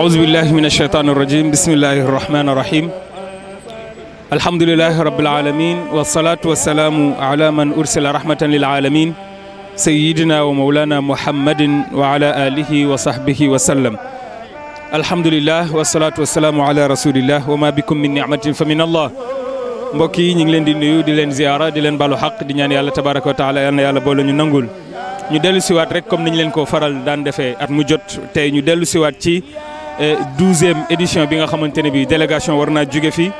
aousubillahi min asheytaani irrajim bismillahi irrahmani irrahim alhamdulilahi rabilalamin walsalatu walsalaamu ala man ursila rahmatan lilaalamin sayidina wa maulana muhammadin wa ala alihi wa sahbihi wa sallam alhamdulilah wasalatu wasalaamu ala rasulillah wa ma bikum min nicmatin fa min allah mbokk yi ñu ngi leen di nuyu di leen ziyaara di leen balu xaq di ñaan yàlla tabaraka wa taala yal na yàlla boole ñu nangul ñu dellu siwaat rek comme niñ leen ko faral daan defee at mu jot tey ñu dellu siwaat ci douzième édition bi nga xamante ne bi délégation war naa jóge fii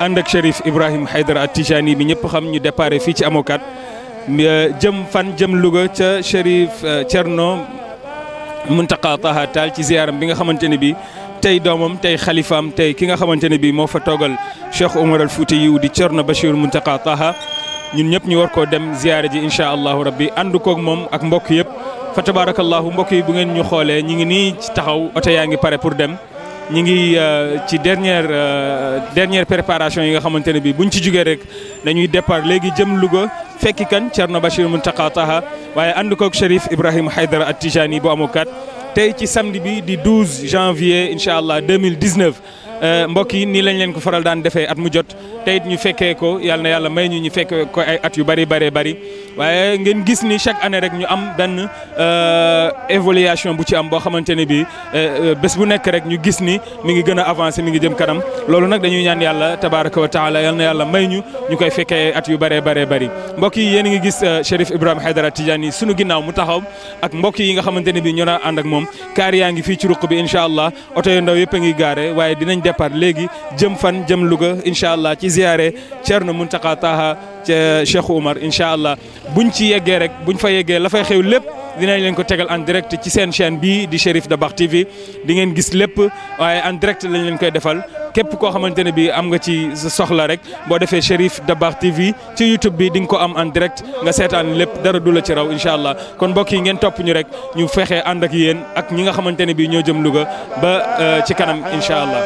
ànd ak Chérif Ibrahim Haydara at Tijani bi ñëpp xam ñu déparé fii ci amokat euh, jëm fan jëm Louga ca Chérif euh, Thierno Mountaqa Taha Tall ci ziyaaram bi nga xamante ne bi tey doomam tey xalifaam tey ki nga xamante ne bi moo fa toogal Cheikh Omar al Fouti yiw di Thierno Bachir Mountaqa Taha ñun ñëpp ñu war koo dem ziyaare ji incha allahu rabbi ànd koog moom ak mbokk yëpp fa tabaarakallaahu mbokk yi bu ngeen ñu xoolee ñu ngi nii taxaw oto yaa ngi pare pour dem ñu ngi euh, ci dernière euh, dernière préparation yi nga xamante ne bi buñ ci jugee rek dañuy départ léegi jëm Louga fekki kan Thierno Bachir Mountakha Taha waaye ànd kook Chérif Ibrahima Haydara at Tijani bu amukat tey ci samedi bi di 12 janvier incha allah 2019 Euh, mbokk yi nii lañ leen ko faral daan defee at mu jot te ñu fekkee ko yàlla na yàlla may ñu ñu fekkee ko ay at yu bari bari bari waaye ngeen gis ni chaque année rek ñu am benn euh, évaluation bu ci am boo xamante ne bii euh, bés bu nekk rek ñu gis ni mi ngi gën a avancé mi ngi jëm kanam loolu nag dañuy ñaan yàlla tabaraka wa taala yàlla na yàlla may ñu ñu koy fekkee at yu bari bari bari mbokk yi yéen a ngi gis Chérif Ibrahima Aïdara Tidiane sunu ginnaaw mu taxaw ak mbokk yi nga xamante ne bii ñoo naa ànd ak moom kaar yaa ngi fii ci ruq bi incha allah oto yu ndaw yëpp a ngi gaare waaye dinañ départ léegi jëm fan jëm luga incha allah ci ziare Thierno Mountakha Taha ca Cheikh Oumar incha allah buñ ci yeggee rek buñ fa yeggee la fay xew lépp dinañ leen ko tegal en direct ci seen chaîne bi di Cherif Dabakh TV di ngeen gis lépp waaye en direct lañ leen koy defal. képp koo xamante ne bi am nga ci soxla rek boo defee Cherif Dabakh TV ci YouTube bi di ko am en direct nga seetaan lépp dara du la ci raw incha allah kon mbokk yi ngeen topp ñu rek ñu fexe ànd ak yéen ak ñi nga xamante ne bi ñoo jëm luga ba euh, ci kanam incha allah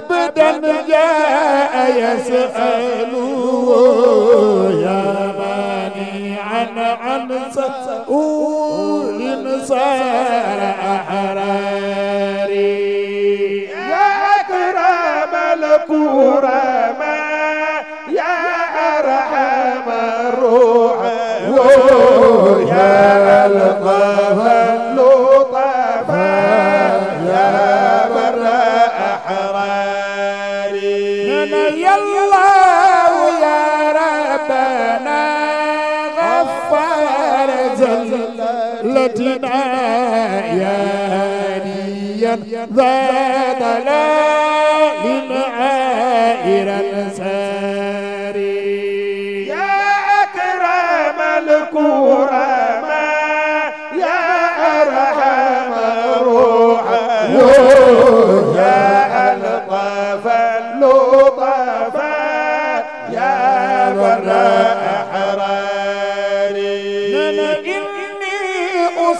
أبدا جاء يسأل يا مانعا عن سؤال صار أحراري يا أكرم الكرام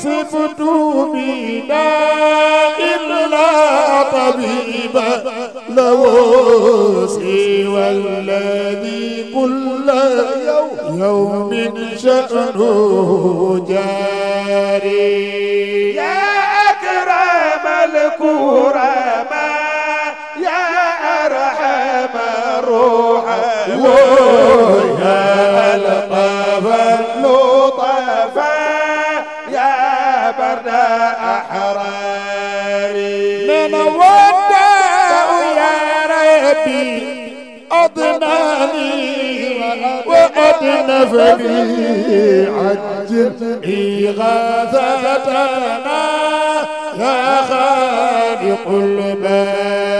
سبت بنا إلا طبيبا لو سوى الذي كل يوم شأنه جاري يا أكرم الكرماء يا أرحم الروح أحراري من وداع يا ربي أضناني وأدنفني عجل إغاثتنا يا خالق الباب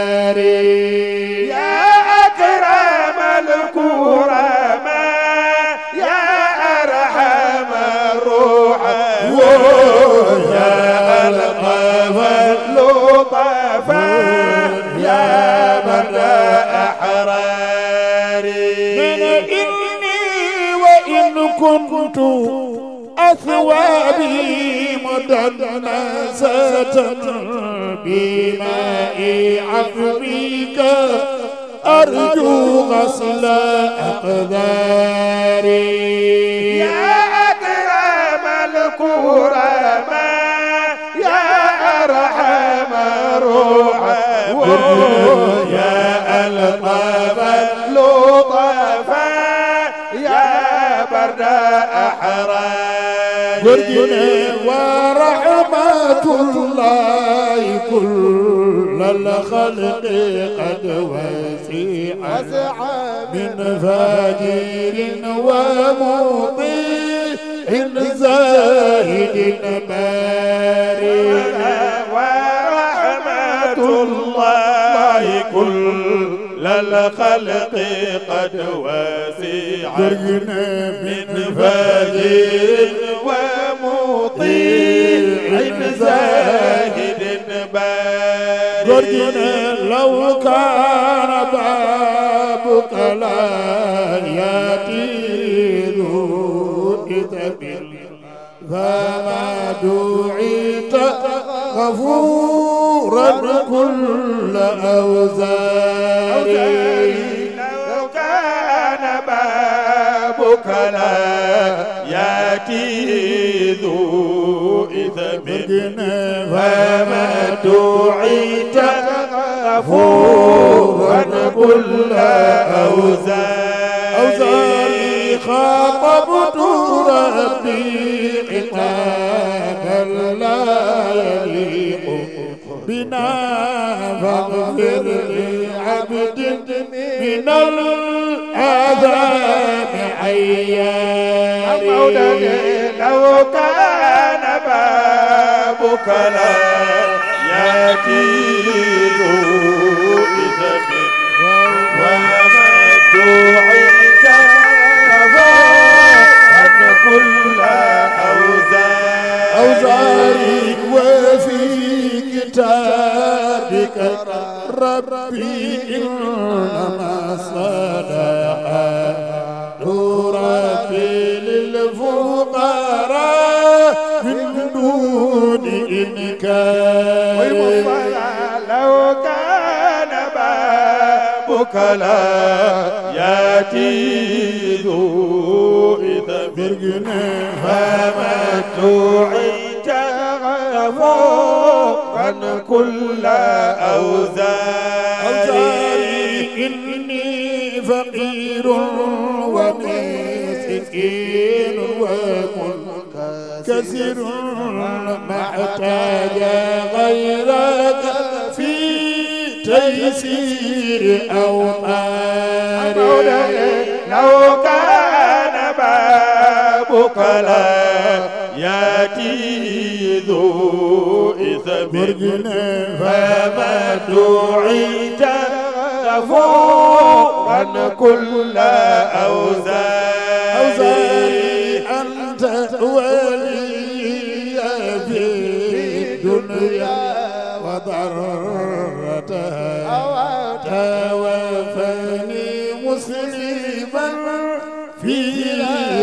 ثوابي مدنسة بماء عفوك أرجو غسل أقداري يا أكرم الكرماء يا أرحم الرحمن يا ألطف اللطفاء يا برد أحرام góor gi ne wa rahmatullahi kullal xalqi qad wasi'a min fajirin wa mudi'in zahidin barin wa rahmatullahi kull الخلق قد وسع من فجير ومطيع زاهد بارئ لو كان بابك لا يطيل إذا ذا ما دعي غفورا كل أوزاري لو كان بابك لا يأتي ذو إثم فما دعيت غفورا كل أوزاري خاطبت ربي قتال بنا فاغفر لعبد من العذاب حيا لو كان بابك لا يأتي الربيع ما صدق ربي للفقراء من دون إنكار لو كان بابك لا ياتي ذو إذا برجنا فما تعين كل أوزاري إني فقير ومسكين ومنكسر كثير ما احتاج غيرك في تيسير أو ماري لو كان بابك لا يأتي ذو مرجن فما دعيت غفور عن كل أوزاري أوزاري أنت ولي في الدنيا وضرتها توفني مسلما في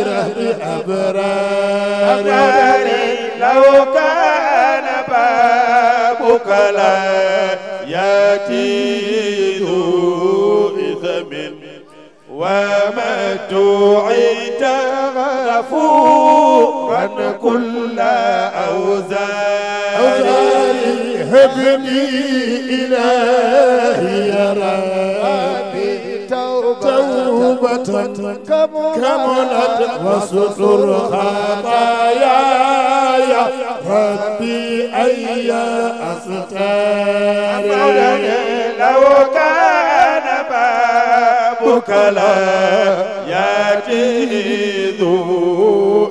رهب أبرار لو كان بار ربك لا ياتي ذو إثم وما تعيد غفورا كل أوزار هبني إلهي يا ربي توبة كملت وستر خطاياي يا ربي أي أستار لو كان بابك لا يأتي ذو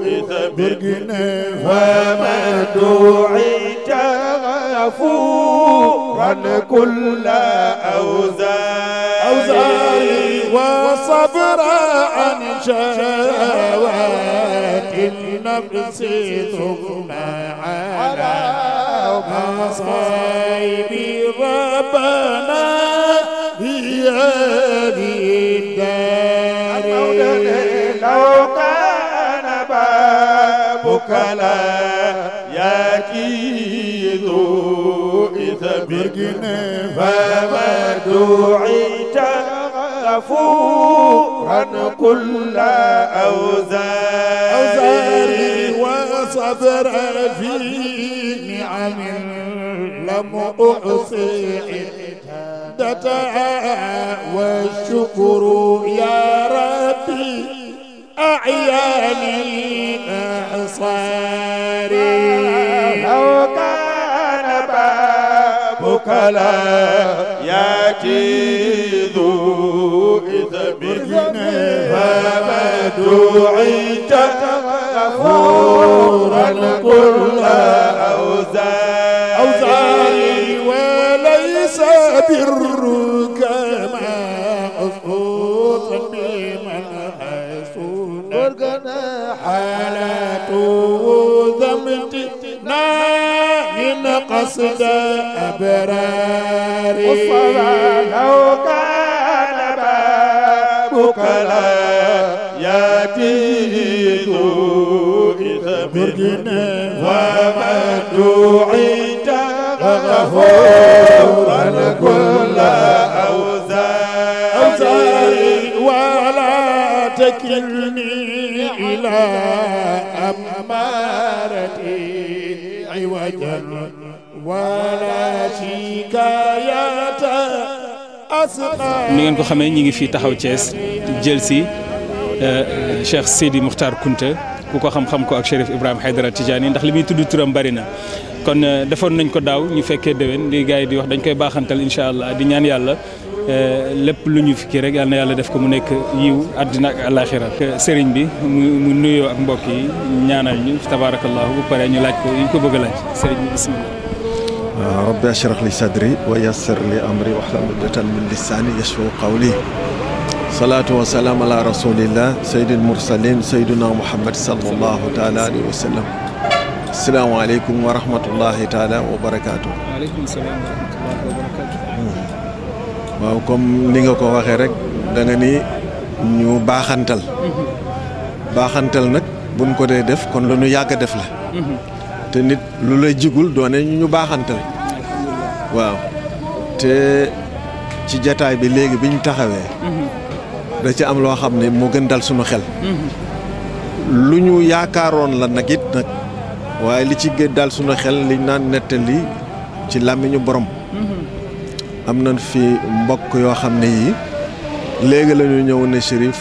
إثم فما دعيت غفورا كل أوزاري وصبر ترى عن شهوات النفس ثم على مصائب ربنا هي هذه الدار لو كان بابك لا يكيد إذا بكنا فمدعي عفوا كل أوزاري وصبرا في نعم لم أحصي عدتها والشكر يا ربي أعياني أحصاري لو كان بابك لا يأتي دعيت غفورا كل أوزاري أوزاري وليس برك ما أصوت بمن حسون ورقنا حالات ذمتنا من قصد أبراري والصلاة لو كان بابك لا عتيد إثمنا ومن دعيت غفورا كل أوزار ولا تكلني إلى أمارتي عوجا ولا شكاية أسقى ni ngeen ko xamee ñi ngi fii taxaw Thiès jël si Euh, Cheikh Sidi Moukhtar Kounta ku ko xam-xam ko ak Chérif Ibrahima Haydara Tidiane ndax li muy tudd turam bari na kon euh, defoon nañ ko daaw ñu fekkee déwén li gars yi di wax dañ koy baaxantal incha allah di ñaan yàlla euh, lépp lu ñu fikki rek yal yàlla def ko mu nekk yiw àddina ak àllaaxira sëriñ bi mu nuyoo ak mbokk yi ñaanal ñu tabaarakallahu bu pare ñu laaj ko yi ko bëgga laaj sëriñ bi bismillah rabbi ashrah li sadri wa yassir li amri wahlul uqdatan min lisani yashfu qawli salaatu wa salaam ala rasulillah sayyidil mursalin sayyiduna muhammad sallallahu taala alayhi wa sallam asalaamaaleykum wa rahmatullahi taala wa barakaatu. Hmm. waaw comme ni nga ko waxee rek da ni ñu baaxantal. Mm-hmm. baaxantal nag buñ ko dee def kon lu ñu yàgg a def la. Mm-hmm. te nit lu lay jigul doone ñu baaxantal. waaw te ci jataay bi léegi bi ñu taxawee. Mm-hmm. da ci am loo xam ne moo gën dal suñu xel. lu ñu yaakaaroon la nag it nag waaye li ci gën dal suñu xel li naan nettali ci làmmiñu borom. am nañ fi mbokk yoo xam ne yii léegi la ñu ñëw ne Chérif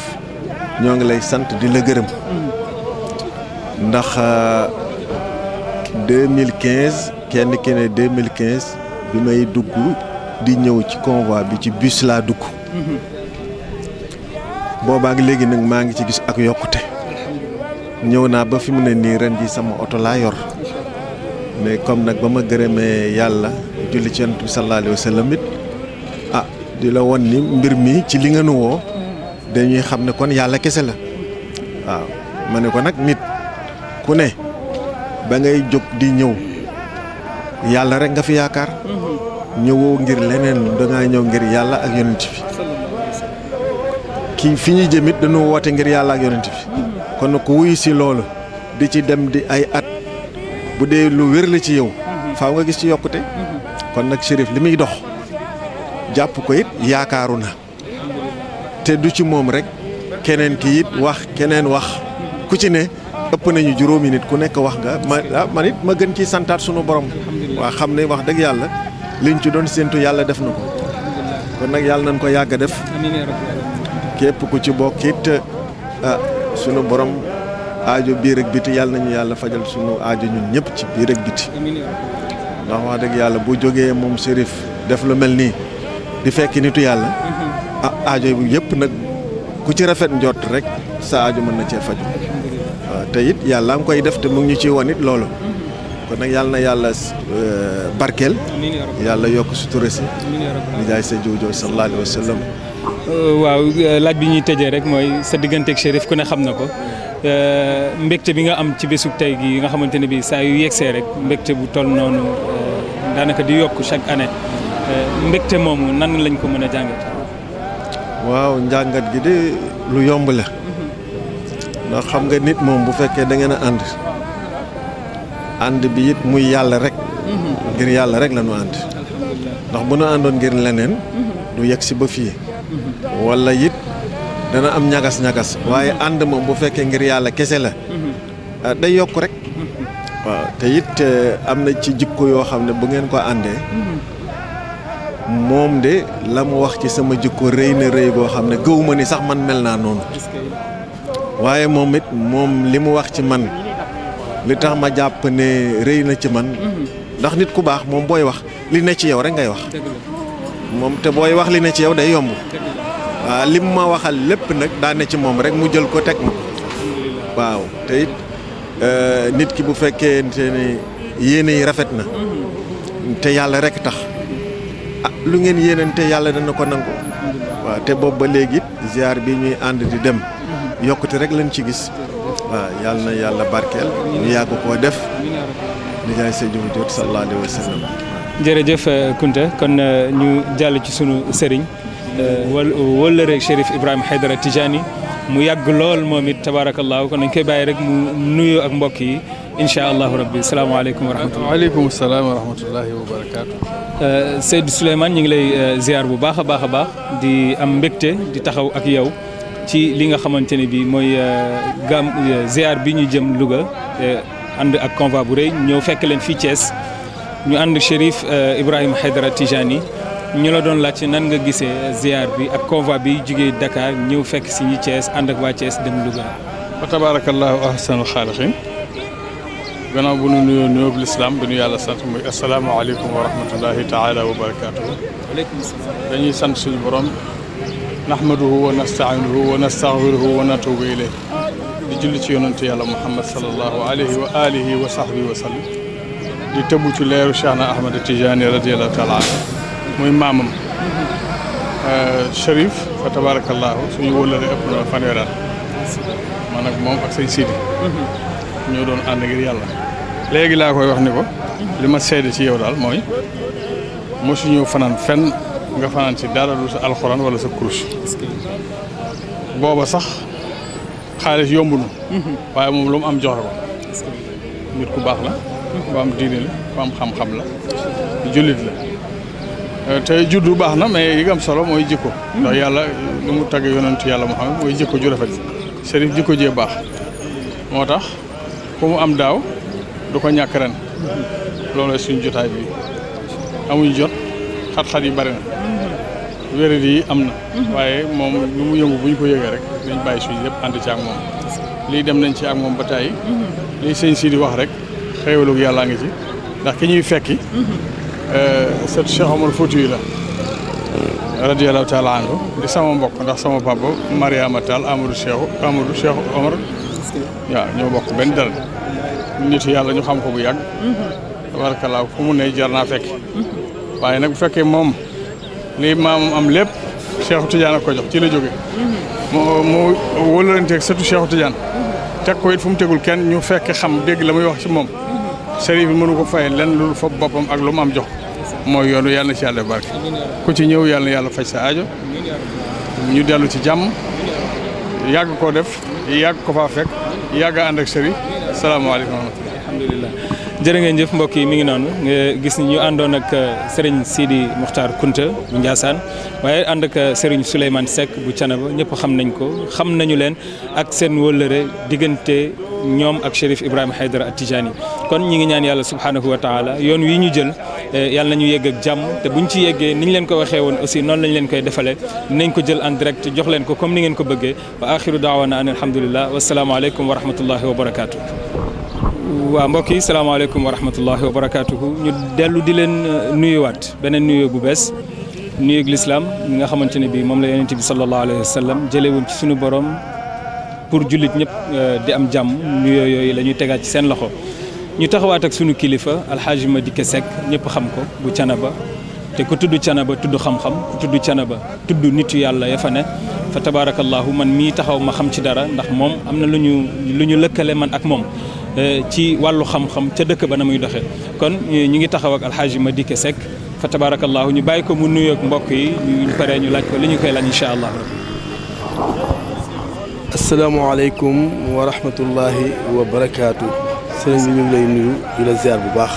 ñoo ngi lay sant di la gërëm. ndax 2015 kenn ki ne 2015 bi may dugg di ñëw ci convoi bi ci bus laa dugg. boobaak léegi nag maa ngi ci gis ak yokkute ñëw naa ba fi mu ne nii ren ji sama oto laa yor mais comme nag ba ma gërëmee yàlla julli ci yonent bi sallallahu alayhi ah di la won ni mbir mi ci li nga nu woo dañuy xam ne kon yàlla kese la waaw ma ne ko nag nit ku ne ba ngay jóg di ñëw yàlla rek nga fi yaakaar mm-hmm. ñëwoo ngir leneen dangaa ñëw ngir yàlla ak yonent bi ci fi ñuy jëmit dañu woote ngir yàlla ak yonent bi kon ku wuyu si loolu di ci dem di ay at bu dee lu wér ci yow faaw nga gis ci yokkute kon nag Chérif li muy dox jàpp ko it yaakaaru na te du ci moom rek keneen ki it wax keneen wax ku ci ne ëpp nañu juróomi nit ku nekk wax nga ma ah, man it ma gën ci santaat sunu borom waa xam ne wax dëgg yàlla liñ ci doon séentu yàlla def na ko kon nag yàlla nañ ko yàgg def képp ku ci bokk it ah, sunu borom aajo biir ak biti yàlla nañu yàlla fajal sunu aajo ñun ñëpp ci biir ak biti ndax wax dëgg yàlla bu jógee moom Cherif def lu mel nii di fekk nitu yàlla a ah, aajo bu yëpp nag ku ci rafet njott rek sa aajo mën na cee faju waaw te it yàlla ngi koy def te mu ngi ñu ciy wan it loolu kon nag yàlla na yàlla eh, barkeel yàlla yokk sutura si ni jaay sa jiw jooju sallallahu alayhi wa sallam Euh, waaw euh, laaj bi ñuy tëjee rek mooy sa digganteeg Chérif ku ne xam na ko euh, mbégte bi nga am ci bésub tey gi nga xamante ne bi sa yu yegsee rek mbégte bu tol noonu daanaka di yokk chaque année mbégte moomu nan lañ ko mën a jàngat. waaw njàngat gi de lu yomb la mhm. ndax xam nga nit moom bu fekkee da ngeen a ànd ànd bi it muy yàlla rek mhm. ngir yàlla rek la ñu ànd ndax bu nu àndoon ngir leneen mhm. du yegg si ba fii. wala it dana am ñagas-ñagas waaye ànd moom bu fekkee ngir yàlla kese la mm-hmm. ah, day yokk rek mm-hmm. waaw te it am na ci jikko yoo xam ne bu ngeen ko àndee mm-hmm. moom de la mu wax ci sama jikko rëy na rëy goo xam ne gëwuma ni sax man mel naa noonu waaye moom it moom li mu wax ci man li tax ma jàpp ne rëy na ci man ndax nit ku baax moom booy wax li ne ci yow rek ngay wax moom te booy wax li ne ci yow day yomb Euh, lim ma waxal lépp nag daa ci moom rek mu jël ko teg ma waaw te it euh, nit ki bu fekkee ne yéene yi rafet na te yàlla rek tax ah lu ngeen yéenante yàlla dana ko nangu waaw te boobu ba léegi it bi ñuy ànd di dem yokkute rek lañ ci gis waaw yàlla na yàlla barkeel ñu yàgg koo def di jaay sa jëmu jot sallallahu alayhi wa sallam jërëjëf Kounta kon euh, ñu jàll ci sunu sëriñ Euh, wëllëreeg Chérif Ibrahima Haydara Tijani mu yàgg lool moom it tabaarakallaahu kon nañ koy bàyyi rek mu nuyoo ak mbokk yi incha allah rabbi salaamaaleykum wa rahmatulah. waaleykum salaam wa rahmatullahi wa barakaatu. Euh, Seydou Souleymane ñu ngi lay euh, ziar bu baax a baax a baax di am mbégte di taxaw ak yow ci li nga xamante ne bii mooy gam ziar bi ñu jëm Louga ànd ak convoi bu rëy ñëw fekk leen fii Thiès ñu ànd Chérif Ibrahima Haydara Tijani. ñu la doon laaj nan nga gisee ziar bi ak convoi bi jugee Dakar ñëw fekk si ñi Thiès ànd ak waa Thiès dem Louga. wa tabaarakallaahu ahsanul xaaliqiin gannaaw bu nu nuyoo nuyoo lislaam bi nu yàlla sant muy asalaamaaleykum wa rahmatullahi taala wa barakaatuhu. dañuy sant suñu borom. nahmaduhu wa nastainuhu wa nastaxfiruhu wa natuubu ilayh di julli ci yonante yàlla Muhammad salallahu alayhi wa alihi wa sahbihi wa sallam di tëbbu ci leeru Cheikhna Ahmada Tijaani radiyallahu muy maamam euh, Cherif fa tabaarakallaahu suñu wëllëre ëpp na fanweeri man ak moom ak sëñ Sidi ñoo doon ànd ngir yàlla léegi laa koy wax ni ko li ma seede ci yow daal mooy mosuñu fanaan fenn nga fanaan si dara lu sa alxuraan wala sa kurus booba sax xaalis yomb waaye moom lu mu am joxe ko nit ku baax la ku am diine la ku am xam-xam la jullit la Euh, tey juddu baax na mais yi am solo mooy jikko ndax yàlla lu mu tagg yonentu yàlla mu Muhammad mooy jikko ju rafet Chérif jikko jee baax moo tax ku mu am daaw du ko ñàkk ren loolu suñ jotaay bi amuñ jot xat-xat yi bari na wéréd yi am na waaye moom lu mu yëngu bu ñu ko yëgee rek dañ bàyyi suñ lépp ànd ci am moom lii dem nañ ci ak moom ba tàyyi lii sëñ si di wax rek xéewalu yàllaa ngi ci ndax ki ñuy fekki Eh, sët Cheikh Omar Fouti la radiyallahu taala anhu di sama mbokk ndax sama papa Mariama Tall Amadou Cheikh Amadou Cheikh Omar waaw ñoo bokk benn dara nit yàlla ñu xam ko bu yàgg tabarkalaa fu mu ne jar naa waaye nag bu fekkee moom li maamam am lépp Cheikh Tidiane ko jox ci la jóge moo moo wólalanteeg sëtu Cheikh Tidiane teg ko it fu mu tegul kenn ñu fekkee xam dégg la muy wax ci moom sëriñ bi mënu ko fay lenn lu fa boppam ak lu mu am jox mooy yoonu yàlla na ci yàlla barke ku ci ñëw yàlla yàlla faj sa ajo ñu dellu ci jàmm yàgg koo def yàgg ko faa fekk yàgg ànd ak sëriñ salaamaaleykum wa ngeen jëf mbokk yi mi ngi noonu nga gis ñu àndoon ak euh, sëriñ Sidi Mokhtar Kounta bu Ndiassane waaye ànd ak euh, sëriñ Souleymane Seck bu Canaba ñëpp xam nañ ko xam nañu leen ak seen wëllëre diggante. ñoom ak Chérif Ibrahima Haydara at Tijani kon ñi ngi ñaan yàlla subhanahu wa taala yoon wi ñu jël eh, yàlla ñu yegg ak jàmm te ñu ci yeggee niñ leen ko waxee woon aussi noonu lañ leen koy defalee dinañ ko jël en direct jox leen ko comme ni ngeen ko bëggee wa axiru daawana an alhamdulillah wasalaamaaleykum wa rahmatullahi wa barakaatu. waaw mbokk yi salaamaaleykum wa rahmatullahi wa barakaatuhu ñu dellu di leen eh, nuyuwaat beneen nuyu bu bees nuyu lislaam nga xamante ne bii moom la yonent bi sallallahu alayhi wa sallam jëlee suñu borom pour jullit ñëpp euh, di am jàmm nuyoo yooyu la ñuy tegaat ci seen loxo ñu taxawaat ak sunu kilifa alxaaji Madické Seck ñëpp xam ko bu Canaba te ku tudd Canaba tudd xam-xam ku tudd Canaba tudd nitu yàlla ya fa ne fa tabaarakallaahu man mii taxaw ma xam ci dara ndax moom am na lu ñu lu ñu lëkkale man ak moom euh, ci wàllu xam-xam ca dëkk ba na muy doxe kon ñu ngi taxaw ak alxaaji Madické Seck fa tabaarakallaahu ñu bàyyi ko mu nuyoog mbokk yi ñu paree ñu laaj ko li ñu koy laaj incha allah. asalaamaaleykum wa rahmatullahi wa barakaatu. sëriñ bi ñu ngi lay nuyu di la ziar bu baax.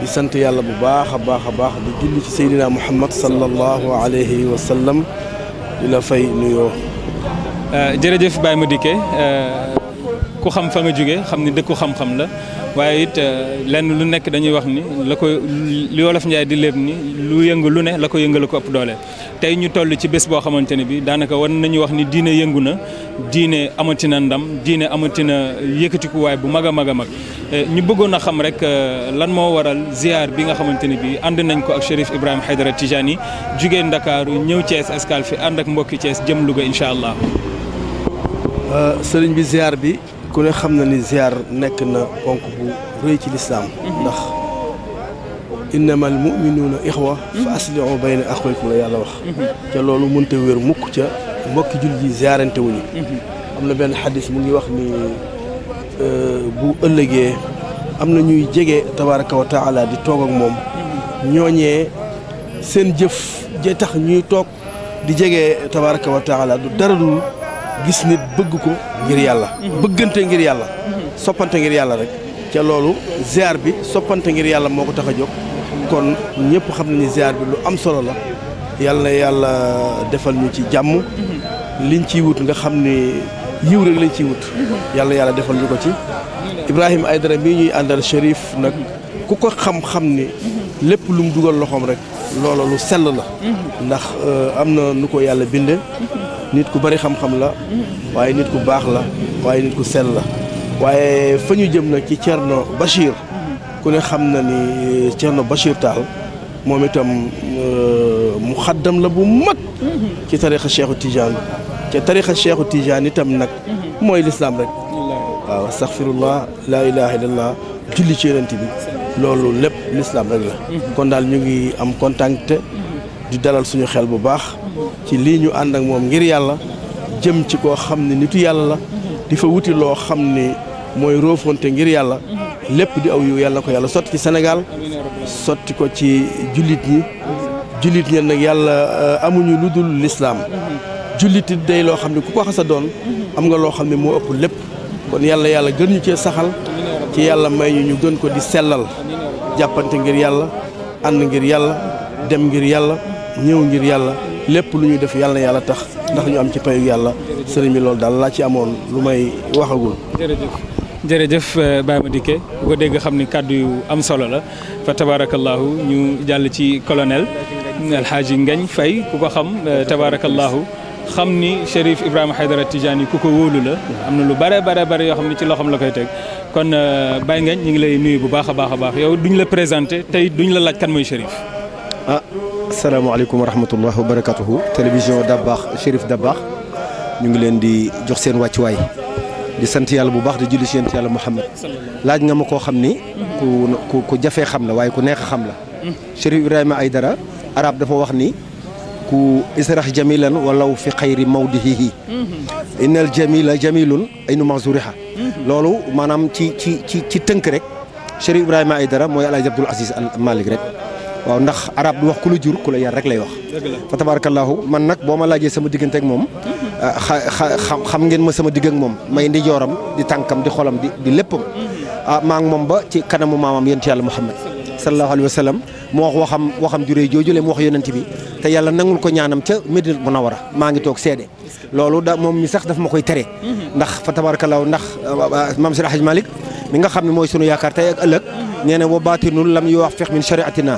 di sant yàlla bu baax a baax a baax di julli ci Seydina Muhammad sallallahu alayhi wa sallam di la fay nuyoo. Euh, jërëjëf Baye Madické euh, ku xam fa nga jóge xam ni dëkku xam-xam la. waaye it euh, lenn lu nekk dañuy wax ni la ko li wolof Njaay di léeb ni lu yëngu lu ne la ko yëngale ko ëpp doole tey ñu toll ci bés boo xamante ne bi daanaka war nañu wax ni diine yëngu na diine amatina ndam diine amatina yëkkatikuwaay bu mag a mag a mag euh, ñu bëggoon a xam rek euh, lan moo waral ziar bi nga xamante ne bi ànd nañ ko ak Chérif Ibrahima Aïdara Tijani jugee Ndakaaru ñëw cees Escale ànd ak mbokki Thiès jëm Louga incha allah sëriñ bi ziar bi ku ne xam na ni ziar nekk na ponk bu rëy ci lislaam mhm. ndax innama al muminuuna ixwa fa mhm. aslihu bayna axwaykum la yàlla wax ca mhm. loolu mënta wér mukk ca mbokki jul ji ziarante wuñu am na benn xadis mu ngi wax ni euh, bu ëllëgee am na ñuy jege tabaraka wa di toog ak moom ñooñee seen jëf ja tax ñuy toog di jege tabaraka wa taala du dara dul gis nit bëgg ko ngir yàlla bëggante ngir yàlla soppante ngir yàlla rek ca loolu ziar bi soppante ngir yàlla moo ko tax a jóg kon ñëpp xam nañu ziar bi lu am solo la yàlla na yàlla defal ñu ci jàmm liñ ciy wut nga xam ni yiw rek lañ ciy wut yàlla yàlla defal ñu ko ci Ibrahima Aïdara mii ñuy àndal Chérif nag ku ko xam-xam ni lépp lu mu dugal loxoom rek loola lu sell la ndax euh, am na nu ko yàlla binde nit ku bari xam-xam la waaye nit ku baax la waaye nit ku sell la waaye fa ñu jëm na ci Thierno Bachir ku ne xam na ni Thierno Bachir Tall moom itam euh, mu xaddam la bu mag ci tarixa Cheikhu Tidiane te tarixa Cheikhu Tidiane itam nag mooy lislaam rek waaw astaxfirullah laa ilaha illallah julli ci bi loolu lépp lislaam rek la kon daal ñu ngi am kontaan di dalal suñu xel bu baax ci lii ñu ànd ak moom ngir yàlla jëm ci koo xam ne nitu yàlla la di fa wuti loo xam ne mooy roofonte ngir yàlla lépp di aw yu yàlla ko yàlla sotti ci Sénégal sotti ko ci jullit ñi jullit ñi nag yàlla euh, amuñu lu dul lislaam jullit it day loo xam ne ku ko xasa doon am nga loo xam ne moo ëpp lépp kon yàlla yàlla gën ñu cee saxal ci yàlla may ñu ñu gën ko di sellal jàppante ngir yàlla ànd ngir yàlla dem ngir yàlla ñëw ngir yàlla lépp lu ñuy def yàlla yàlla tax ndax ñu am ci payu yàlla sëriñ bi loolu daal laa ci amoon lu may waxagul. jërëjëf jërëjëf euh, Baye Madické bu ko dégg xam ni kàddu yu am solo la fa tabaarakallaahu ñu jàll ci colonel Alxaaji Ngañ Fay ku ko xam euh, tabaarakallaahu xam ni Chérif Ibrahima Haydara Tijani ku ko wóolu la am na lu bare bare bare yoo xam ne ci loxoom la koy teg kon euh, Baye Ngañ ñu ngi lay nuyu bu baax a baax a baax yow duñu la présenté tey duñ la laaj kan mooy Chérif. salaamaaleykum wa rahmatullah wa barakatuhu télévision Dabakh Chérif Dabakh ñu ngi leen di jox seen wàccuwaay di sant yàlla bu baax di julli seen si yàlla Muhammad laaj nga ma koo xam ni ku ku jafee xam la waaye ku neex xam la Chérif Ibrahima dara arab dafa wax ni ku israh jamilan walaw fi xayri mawdihihi innal jamila jamilun ay nu mazuriha loolu maanaam ci ci ci ci tënk rek Chérif Ibrahima Aïdara mooy El Hadj Abdoul Aziz Al Malick rek waaw ndax arab du wax ku la jur ku la yar rek lay wax fa tabarakallahu man nag boo ma laajee sama diggante ak moom xam xam ngeen ma sama digg ak moom may ndi jooram di tànkam di xolam di di léppam ah maa ngi moom ba ci kanamu maamam yonent yàlla Muhammad sallallahu alayhi wa sallam mu wax waxam waxam juree jooju leen mu wax yonent bi te yàlla nangul ko ñaanam ca Medina Munawara maa ngi toog seede loolu da moom mi sax daf ma koy tere ndax fa tabarakallahu ndax ah, maam Seydi Hadji Malick mi nga xam ne mooy sunu yaakaar tey ak ëllëg nee na wa wax lam yuwaffiq min shariatina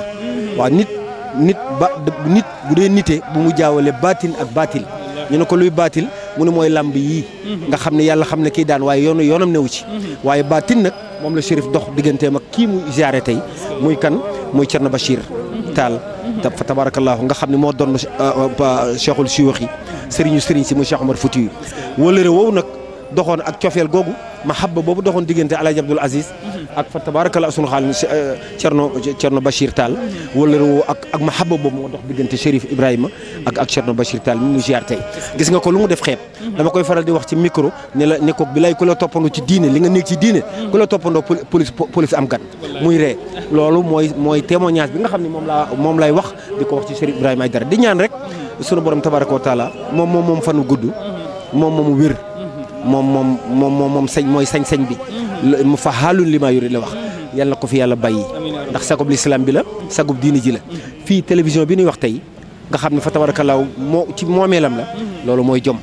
waaw nit nit ba nit bu dee nite bu mu jaawale baatin ak baatil ñu ne ko luy baatil mu ne mooy làmb yii mhm. nga xam ne yàlla xam ne kii daan waaye yoonu yoonam newu ci mhm. waaye baatin nag moom la Chérif dox digganteem ak kii mu ziare tey muy kan muy Cerno Bachir mhm. Taal fa tabaarakallaahu nga xam ne moo doon euh, euh, cheikhul siwax yi sëriñu sëriñ si mu Cheikh Omar Fouti yi wala wow nag doxoon ak cofeel googu mahabba boobu doxoon diggante Alaaji Abdul Aziz ak fa a sunu xaal euh, Cerno Cerno Bachir Tall wala woo ak ak mahabba boobu moo dox diggante Chérif Ibrahima ak ak Cerno Bachir taal mi mu ziar tey gis nga ko lu mu def xeeb dama koy faral di wax ci micro ne la ne ko bilay ku la toppandoo ci diine li nga nekk ci diine ku la toppandoo police police am gan muy ree loolu mooy mooy témoignage bi nga xam ne moom laa moom lay wax di ko wax ci Chérif Ibrahima Aïdara di ñaan rek sunu borom tabaaraka wa taala moom moom moom fanu gudd moom moomu wér moom moom moom moom sañ mooy sañ-sañ bi. Mm-hmm. mu fa xaalun li maa yore la wax. Mm-hmm. yàlla na ko fi yàlla bàyyi ndax li lislaam bi la sagub diini ji la mm-hmm. fii télévision bi ñuy wax tey nga xam ne fa tabarakallaaw moo ci moomeelam la loolu mooy jom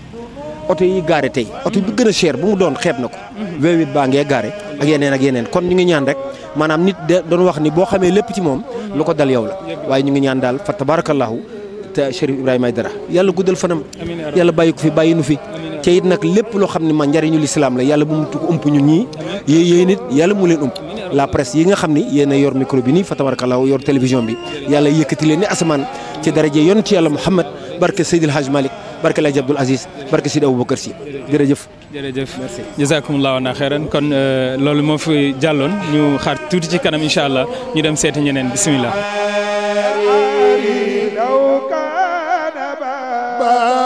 oto yi gaare tey oto bu gën a cher bu mu doon xeeb na ko V8 baa ngee gaare ak yeneen ak yeneen kon ñu ngi ñaan rek maanaam nit de doon wax ni boo xamee lépp ci moom lu ko dal yow la waaye ñu ngi ñaan daal fa tabarakallaahu Chérif Ibrahima dara yàlla guddal fanam yàlla bàyyi ko fi bàyyi nu fi te it lépp loo xam ni ma njariñu lislaam la yàlla bu mu ump ñun ñii yéen yéen it yàlla mu leen ump la presse yi nga xam ni yéen a yor micro bi nii fa tabarakallah yor télévision bi yàlla yëkkati leen ni asamaan ci daraje yonent yàlla Muhammad barke Seydil Hadj Malick barke El Hadj Abdoul Aziz barke Sidi Aboubacar Si jërëjëf jërëjëf merci jazakumullahu na xeeran kon euh, loolu moo fi jàlloon ñu tuuti ci kanam incha allah ñu dem seeti ñeneen bisimilah.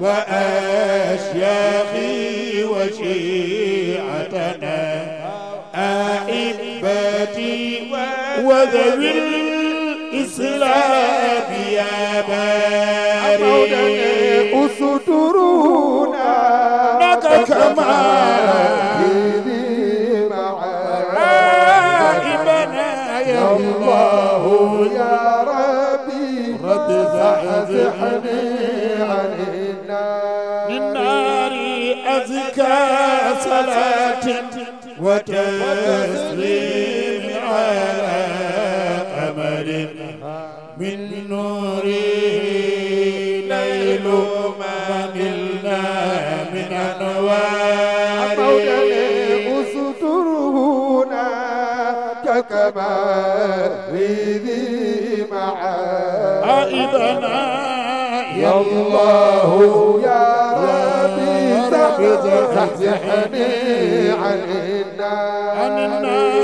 وأشياخي وشيعتنا أحبتي وذوي الإسلام يا باري أسترونا كما الله يا ربي رد زحزحني علينا من نار أزكى صلاة وتسليم على أمر من نوره ليل ما نلنا من أنوار أسطرهنا ككبار ذي معاد يا الله يا ربي زحزحني عن النار